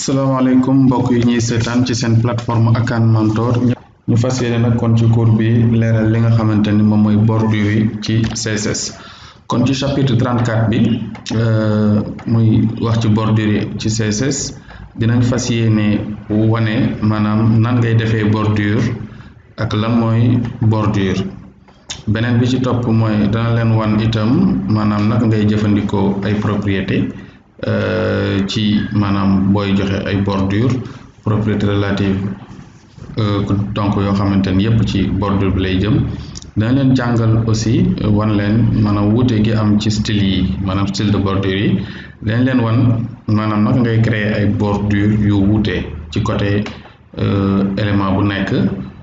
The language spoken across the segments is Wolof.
salaamaaleykum mbokk yi ñuy seetaan ci seen plateforme Akan Mentor ñu fas yéene nag kon ci cours bi leeral li nga xamante ni moom mooy bordure yi ci CSS kon ci chapitre 34 bi euh, muy wax ci bordure yi ci CSS dinañ fas yéene wane maanaam nan ngay defee bordure ak lan mooy bordure beneen bi ci topp mooy dana leen wan itam maanaam naka ngay jëfandikoo ay propriété Euh, ci maanaam booy joxe ay bordure propriété relative euh, donc yoo xamante ni yépp ci bordure bi lay jëm dana leen jàngal aussi euh, wan leen maanaam wuute gi am ci style yi maanaam style de bordure yi dañ leen wan maanaam naka ngay créer ay bordure yu wuute ci côté élément bu nekk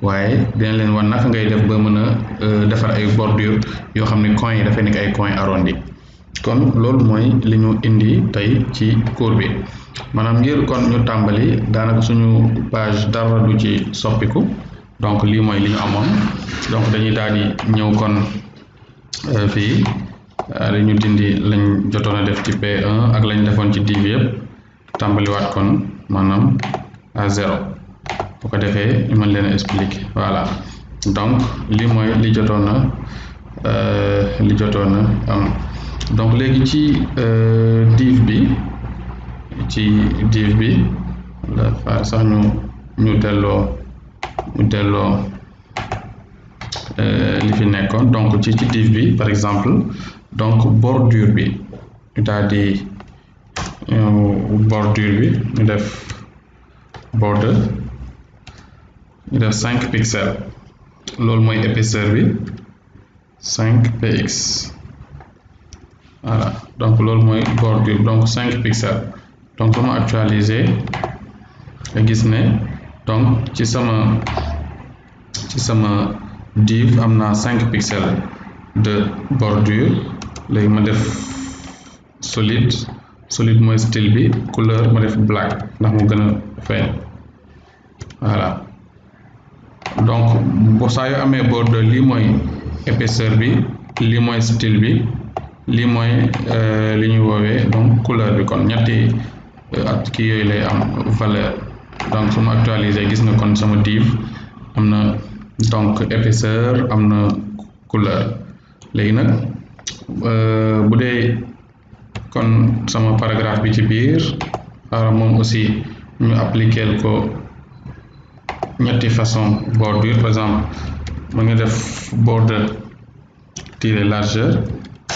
waaye dinañ leen wan naka ngay def ba mën a defar ay bordure yoo xam ne coins yi dafay nekk ay coins arrondi kon loolu mooy li ñu indi tey ci cours bi maanaam ngir kon ñu tàmbali daanaka suñu page dara du ci soppiku donc lii mooy li ñu amoon donc dañuy daal di ñëw kon euh, fii euh, li ñu dindi lañ jotoon a def ci p ak lañ defoon ci div yëpp tàmbaliwaat kon maanaam à zéro bu ko defee mën leen a expliquer voilà donc lii mooy li jotoon na euh, li jotoon na am donc léegi ci euh, diif bi ci diif bi dafa sax ñu ñu delloo ñu delloo euh, li fi nekkoon donc ci ci diif bi par exemple donc bordure bi ñu daal di euh, bordure bi ñu def border ñu def cinq pixels loolu mooy épaisseur bi cinq px voilà donc loolu mooy bordure donc cinq pixels donc su ma actualiser gis ne donc ci sama ci sama div am naa cinq pixels de bordure léegi ma def solide solide mooy style bi couleur ma def black ndax mu gën a feeñ voilà donc saa yu amee bordure lii mooy épaisseur bi lii mooy style bi lii mooy euh, li ñu woowee donc couleur bi kon ñetti euh, ak kii yooyu lay am valeur donc su ma actualiser gis nga kon sama div am na donc épaisseur am na couleur léegi nag euh, bu dee kon sama paragraphe bi ci biir xaaral moom aussi ñu appliquer ko ñetti façon bordure par exemple mu ngi def border tiret largeur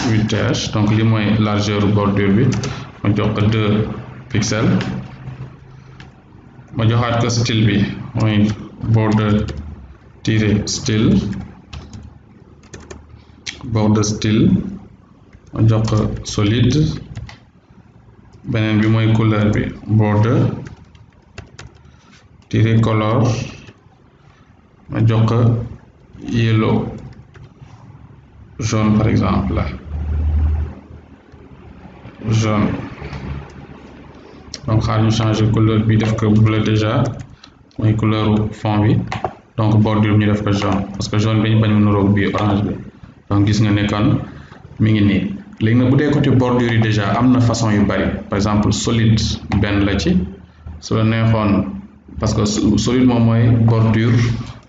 8 h donc li mooy largeur bordure bi ma jox ko 2 pixels ma joxaat ko style bi mooy border tiré style border style ma jox solide beneen bi mooy couleur bi border tiré color ma jox ko yellow jaune par exemple là jaune donc xaar ñu changer couleur bi def ko bleu déjà mooy couleur fond bi donc bordure ñu def ko jaune parce que jaune bi ñu bañ a nuroog bii orange bi donc gis nga ne kon mi ngi nii léegi nag bu dee côté bordure yi déjà am na façon yu bari par exemple solide benn la ci su la neexoon parce que solide moom mooy bordure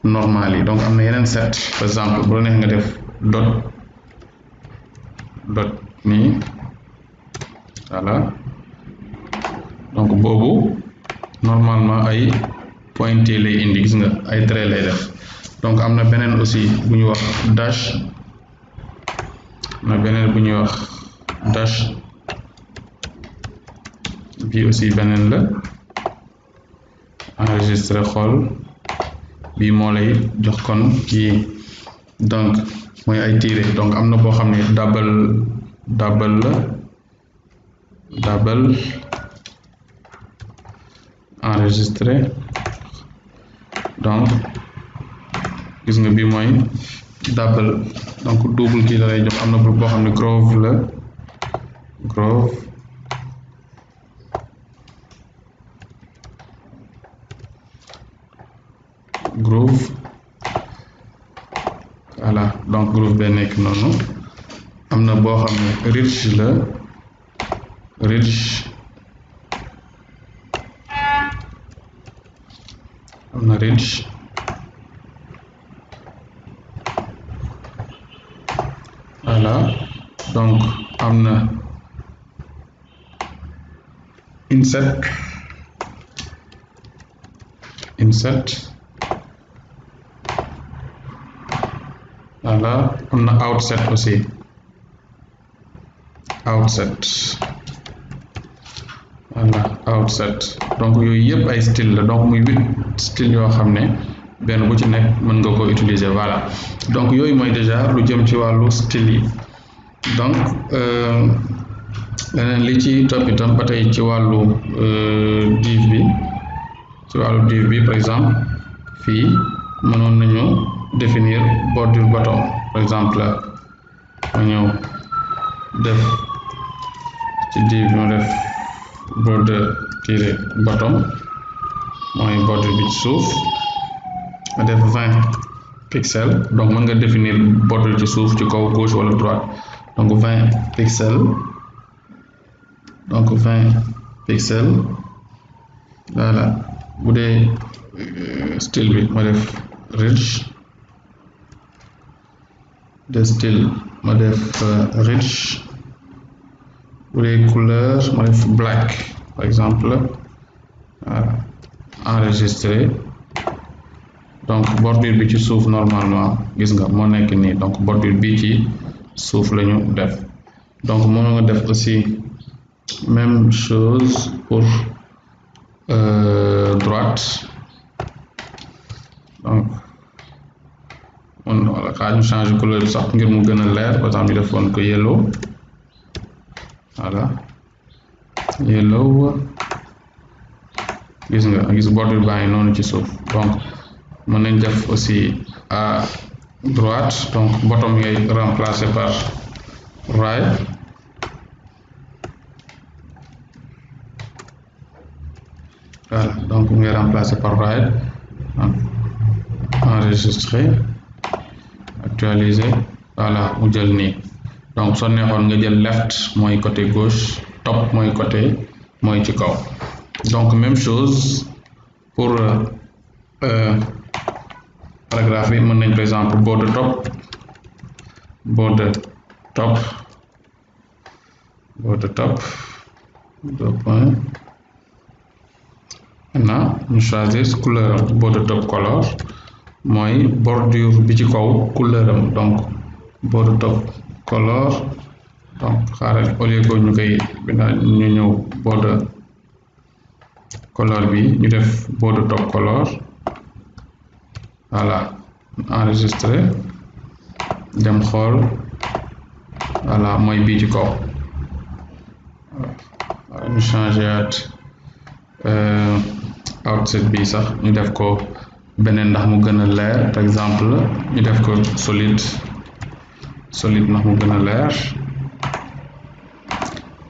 normale yi donc am na yeneen set par exemple bu la nga def dot dot nii voilà donc boobu normalement ay pointé lay indi gis nga ay trait lay def donc am na beneen aussi bu ñu wax dash am na beneen bu ñuy wax dash bi aussi beneen la enregistré xool bi moo lay jox kon ki donc mooy ay tiré donc am na boo xam ne dabal dabal la double enregistré donc gis nga bii mooy double donc double kii la lay jox am na boo xam ne grove la grove groove voilà donc groove bee nekk noonu am na boo xam ne rich la reach am na reach voilà donc am na insert insert voilà am na outset aussi outset voilà outset donc yooyu yëpp ay style la donc muy huit style yoo xam ne benn bu ci nekk mën nga ko utiliser voilà donc yooyu mooy déjà lu jëm ci wàllu style yi donc euh, leneen li ci topp ba tey ci wàllu euh, div bi ci wàllu div bi par exemple fii mënoon nañu définir bordure bâton par exemple ma ñëw def ci div bi ma def border eh, tiré bottom mooy border bi ci nga def vingt donc mën nga définir border ci suuf ci kaw gauche wala droite donc vingt pixel donc vingt pixel voilà bu dee euh, style bi ma def rich de style ma def euh, rich bu dee couleur ma def black par exemple uh, enregistré donc bordure bi ci suuf normalement gis nga moo nekk nii donc bordure bi ci suuf la ñu def donc moom nga def aussi même chose pour euh, droite donc xaa ñu changer couleur sax ngir mu gën a leer par exemple ñu defoon ko yellow voilà yellow gis nga gis border baa ngi noonu ci suuf donc mën nañ def aussi à droite donc bottom ngay remplacer par right donc ngay remplacer par right enregistrer actualiser voilà mu jël nii donc soo neexoon nga jël left mooy côté gauche top mooy côté mooy ci kaw donc même chose pour euh, euh, paragraphe bi mën nañ par exemple border top border top border top deux points maintenant ñu choisir couleur border top color mooy bordure bi ci kaw couleur am donc border top color donc xaaral au lieu ñu koy bi nga ñu ñëw border color bi ñu def border top color voilà enregistré dem xool voilà mooy bii ci kaw ñu changé at euh, outset bi sax ñu def ko beneen ndax mu gën a leer par exemple ñu def ko solide solid ndax mu gën a leer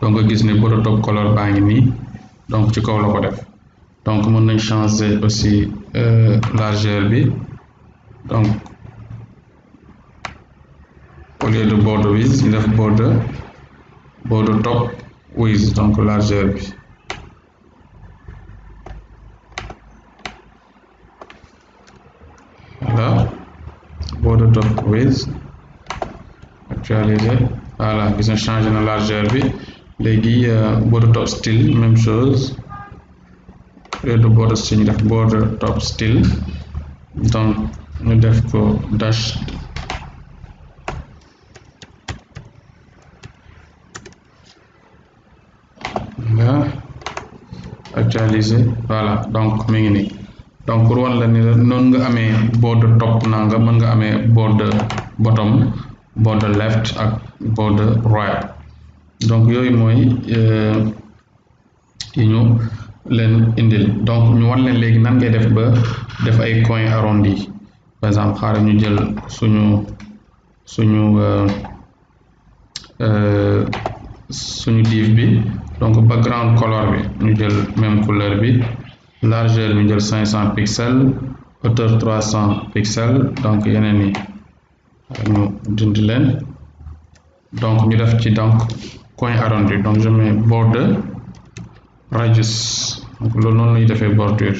donc nga gis ni prototype color baa ngi nii donc ci kaw la ko def donc mën nañ changer aussi euh, largeur bi donc au lieu de border width ñu def border border top width donc largeur bi voilà border top width actualiser voilà gis nga changé na largeur bi léegi euh, border top style même chose de border style ñu def border top style donc ñu def ko dash nga actualiser voilà donc mi ngi nii donc pour wan la ni la noonu nga amee border top na nga mën nga amee border bottom border left ak border right donc yooyu mooy euh, yi ñu leen indil donc ñu wan leen léegi nan def ba def ay coins arrondis par exemple xaaral ñu jël suñu suñu euh, euh, suñu div bi donc ba background color bi ñu jël même couleur bi largeur ñu jël cinq cent pixels hauteur trois cent pixels donc yeneen yi ñu dindi leen donc ñu def ci donc coin arrondi donc je mets border radius loolu noonu lañu defee bordure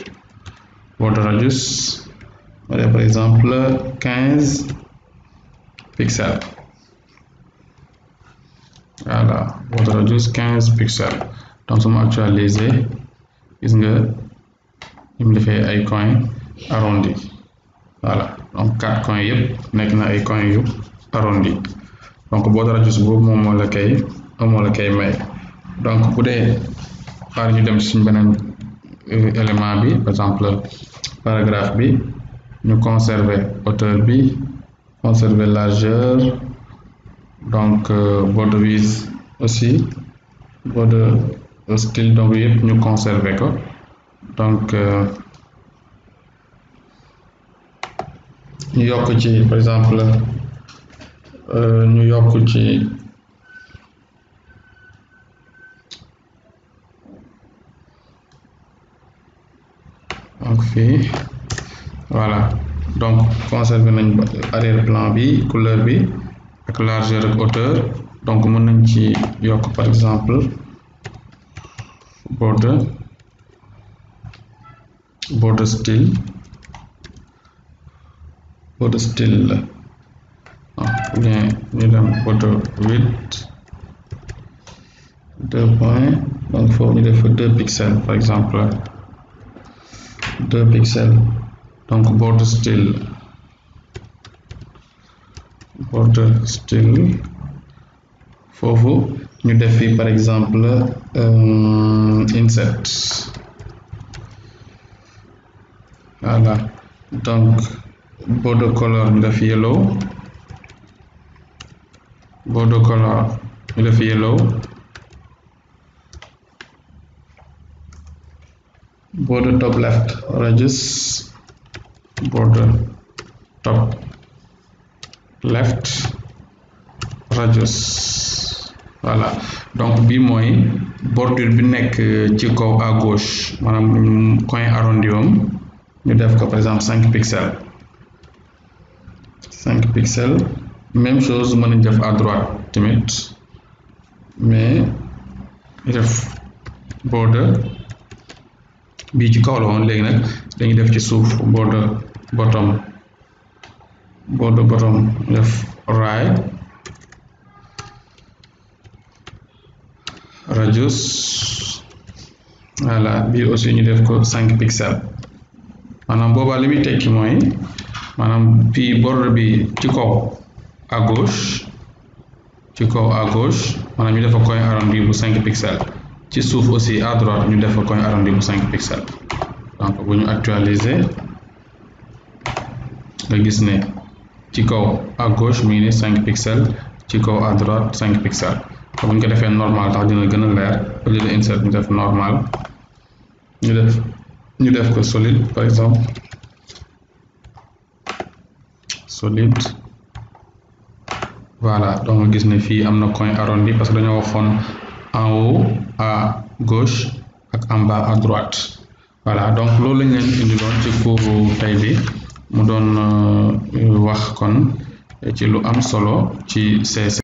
border radius wala par exemple quinze pixels voilà border radius quinze pixels donc su ma actualiser gis nga ñu mu defee ay coin arrondi voilà donc quatre coin yëpp nekk na ay coin yu arrondi donc border radius boobu moom moo la kay moo la koy may donc bu dee xaar ñu dem ci suñ beneen euh, élément bi par exemple paragraphe bi ñu conserver hauteur bi conserver largeur donc euh, border width aussi border euh, style donc yëpp ñu conserver ko donc ñu yokk ci par exemple ñu yokk ci donc fii voilà donc conservé nañ arrière plan bi couleur bi ak largeur ak hauteur donc mën nañ ci yokk par exemple border border style border style la ah bien ñu dem border width deux points donc foofu ñu def deux pixels par exemple deux pixels donc border style border style foofu ñu def fi par exemple euh, inset voilà donc border color ñu def yellow border color ñu def yellow border top left radius border top left radius voilà donc bi mooy bordure bi nekk euh, ci kaw à gauche maanaam coin arrondi ñu def ko par exemple cinq pixels cinq pixels même chose mën nañ adroit à mais def border bii ci kaw la woon léegi nag dañuy def ci suuf border bottom border bottom def right radius voilà bii aussi ñu def ko cinq pixels maanaam boobaa li muy tekki mooy maanaam bii border bi ci kaw à gauche ci kaw à gauche maanaam ñu defa koy arrondi bu cinq pixels ci suuf aussi à ñu def koñ arrondi bu 5 pixels donc bu ñu actualiser nga gis ne ci kaw à gauche mu ngi ni 5 ci kaw à cinq 5 pixels ko defee normal tax dina gën a leer au lieu de insert ñu def normal ñu def ñu def ko solide par exemple solide voilà donc gis ne fii am na coin arrondi parce que dañoo waxoon en haut gauche ak en bas droite voilà donc loolu lañ leen indiloon ci cours tey bi mu doon euh, wax kon ci lu am solo ci C